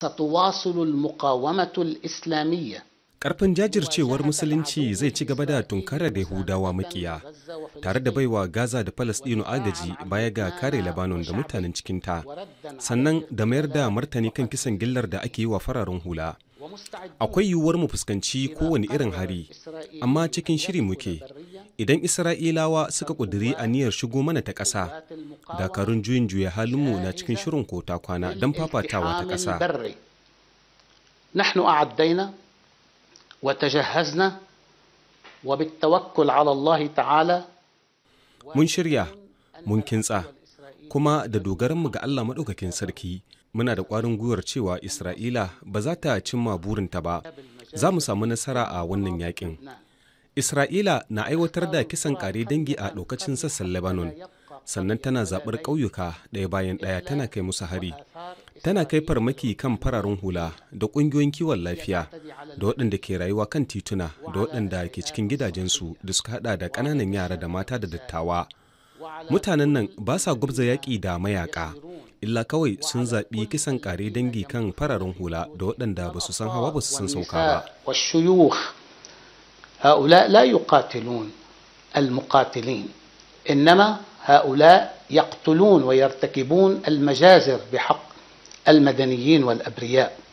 تتواصل المقاومة الإسلامية Ƙarfin jajircewar Musulunci zai ci gaba da tunkarar da Yahudawa makiya, tare da baiwa Gaza da Falasɗinu agaji baya ga kare Lebanon da mutanen cikinta, sannan da mayar da martani kan kisan gillar da ake yi wa fararen hula. Akwai yiwuwar mu fuskanci kowane irin hari, amma cikin shiri muke, Idan Isra'ilawa suka ƙudiri niyyar shigo mana ta ƙasa, dakarun juyin juya halinmu na cikin shirin kota kwana don fafatawa ta ƙasa. mun shirya mun kintsa kuma da dogaranmu ga Allah maɗaukakin sarki muna da ƙwarin gwiwar cewa Isra'ila ba za ta cimma burinta ba za mu samu nasara a wannan yakin Isra'ila na aiwatar da kisan kare dangi a lokacin sassan Lebanon, sannan tana zaɓar ƙauyuka ɗaya bayan ɗaya tana kai musu hari. Tana kai farmaki kan fararen hula da ƙungiyoyin kiwon lafiya da waɗanda ke rayuwa kan tituna da waɗanda ke cikin gidajensu da suka haɗa da ƙananan yara da mata da dattawa. Mutanen nan ba sa gwabza yaƙi da mayaƙa, illa kawai sun zaɓi kisan ƙare dangi kan fararen hula da waɗanda ba su san hawa ba su san sauka ba. هؤلاء لا يقاتلون المقاتلين إنما هؤلاء يقتلون ويرتكبون المجازر بحق المدنيين والأبرياء